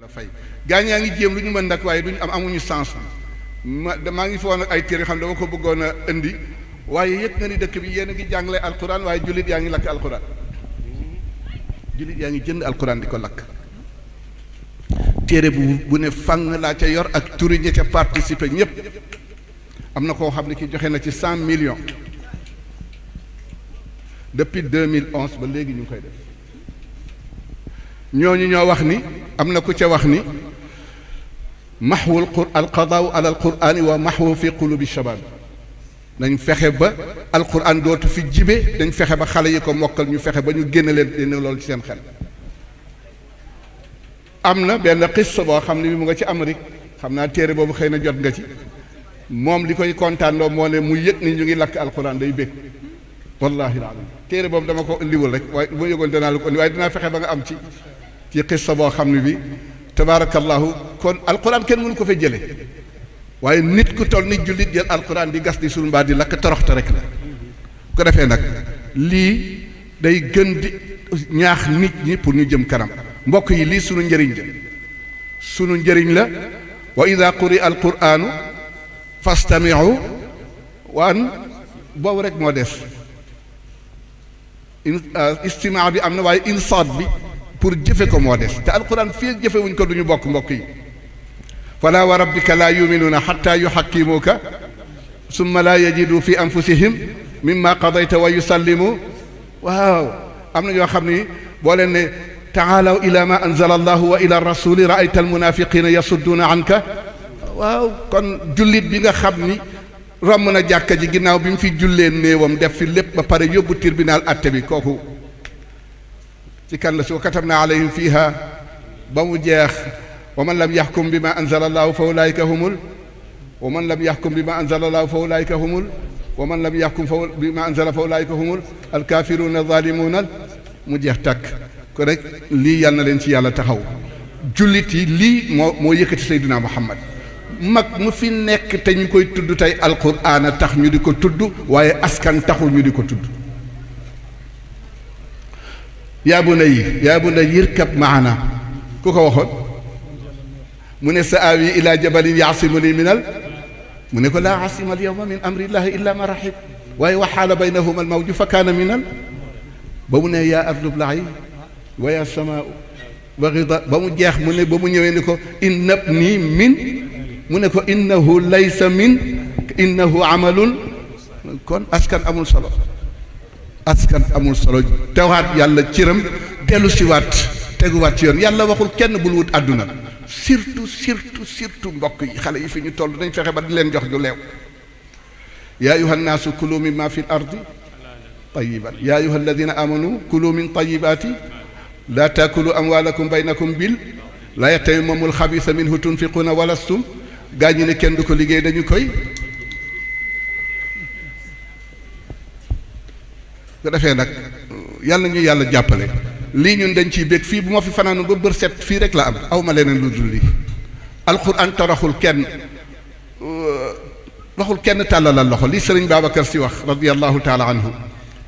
la fay gaañ yaa ngi jéem lu ñu mën nag waaye duñu am amuñu sens ma maa ngi foog nag ay téere xam dama ko bëggoon a indi waaye yëg nga ni dëkk bi yéen a ngi jàngale alquran waaye jullit yaa ngi lakk alquran jullit yaa ngi jënd alquran di ko lakk téere bu bu ne fang laa ca yor ak turi ñi ca participer ñëpp am na koo xam ne ki joxe na ci cent million depuis deux mille onze ba léegi ñu ngi koy def ñooñu ñoo wax ni am na ku ca wax ni maxwul alqadaau ala alqurani wa maxwu fi qulubi shabaab nañ fexe ba alquran dootu fi jibe dañ fexe ba xale yi ko mokkal ñu fexe ba ñu génn leen dina loolu ci seen xel am na benn xissa boo xam ni bi mu nga ci Amérique xam naa téere boobu xëy na jot nga ci moom li koy kontaan kontaanoo moo ne mu yëg ni ñu ngi lakk alquran day bég wallahi alam téere boobu dama ko indiwul rek waaye bu ma yëgoon danaa la ko indi waaye danaa fexe ba nga am ci ci xissa boo xam ne bi tabaarakallaahu kon alquran kenn mënu ko fa jële waaye nit ku toll nit jullit jël alquran di gas di sulmbaa di lakk toroxte rek la ko defee nag lii day gën di ñaax nit ñi pour ñu jëm kanam mbokk yi lii sunu njëriñ la sunu njëriñ la wa ida quri rek moo des ah, bi am na waaye insaat bi pour jëfe ko moo des te alquran fii jëfewuñ ko duñu bokk mbokk yi fala wa rabbika laa yuminuuna xatta yuxakkimuuka summa laa yajidu fi anfusihim mimma qadayta wa yusallimu waaw am na ñoo xam ni boo leen ne taalaw ila ma anzala allahu wa ila rasuli raayta almunafiqina anka waaw kon jullit bi nga xam ni romb na jàkka ji ginnaaw bi mu fi jullee néewam def fi lépp ba pare yóbbu tribunal atte bi kooku ci kan la su ko katabna alayhim fiha ba mu jeex wa man lam yaxkum bi ma anzala allahu fa ulaayika humul wa man lam yaxkum bi ma anzala allahu fa ulaayika humul wa man lam yaxkum fa bi ma anzala fa ulaayika humul alkaafiruuna zaalimuuna mu jeex tàkk ko rek lii yàlla na leen ci yàlla taxaw jullit yi lii moo moo yëkkati Seydina Muhammad mag mu fi nekk te ñu koy tudd tey alquraan a tax ñu di ko tudd waaye askan taxul ñu di ko tudd yaa bunayya yaa bunayya irkab maana ku ko waxoon mu ne sa aawi ilaa jabalin yaasimuni minal mu ne ko laa asima al yawma min amrillahi illa ma rahim waaye waxaala baynahuma al mawju fa kaana minal ba mu ne yaa ardu blayi wa yaa samaa wa ghida ba mu jeex mu ne ba mu ñëwee ni ko inna ibni min mu ne ko innahu laysa min innahu amalun kon askan amul solo askan amul solo tewaat yàlla cëram dellu siwaat teguwaat ci yoon yàlla waxul kenn bul wut àdduna surtout surtout surtout mbokk yi xale yi fi ñu toll dañ fexe ba di leen jox ñu leew yaa ayuha nnaasu kulu min ma fi l ardi tayiban yaa ayuha alladina amanu kulu min tayibaati laa taakulu amwaalakum baynakum bil laa yatayammamul xabisa minhu tunfiquuna walastum gaa ñi ne kenn du ko liggéey dañu koy ko defee nag yàlla ñu yàlla jàppale lii ñun dañ ciy bég fii bu ma fi fanaanu ba bër set fii rek la am aw ma leneen lu dul lii alxuraan toroxul kenn waxul kenn tàllalal loxo li sëriñ Babacar si wax radiallahu taala anhu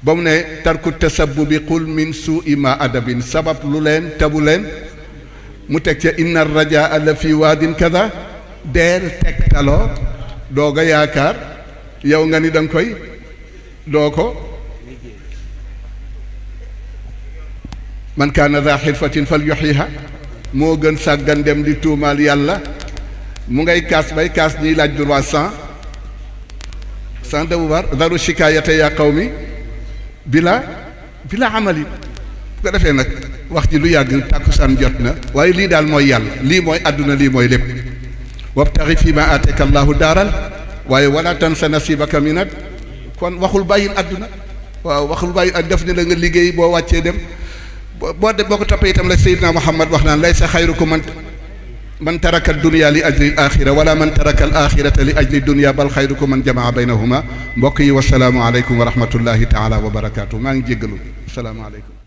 ba mu ne tarku tasabubi qul min suui ma adabin sabab lu leen tabu leen mu teg ca inna rajaa la fi waadin kada deel teg taloo doog a yaakaar yow nga ni da nga koy doo ko man kaana daa xirfatin fal yuxiha moo gën sàggan dem di tuumaal yàlla mu ngay kaas bay kaas ñiy laaj droit sans sans devoir daru shikaayata yaa xaw mi bila bila amali bu ko defee nag wax ji lu yàgg tàkkusaan jot na waaye lii daal mooy yàlla lii mooy àdduna lii mooy lépp wabtaxi fii ma aateka allahu daaral waaye wala tansa nasibaka minat kon waxul bàyyil àdduna waaw waxul bàyyil ak def ne la nga liggéey boo wàccee dem boo de boo ko toppee itam la Seydina Muhammad wax naan laysa xayrukum man man taraka dunia li ajli alaaxira wala man taraka alaaxirata li ajli dunia bal xayrukum man jamaa baynahuma mbokk yi wasalaamualeykum wa rahmatullahi taala wa barakaatu maa ngi jéggalu salaamualeykum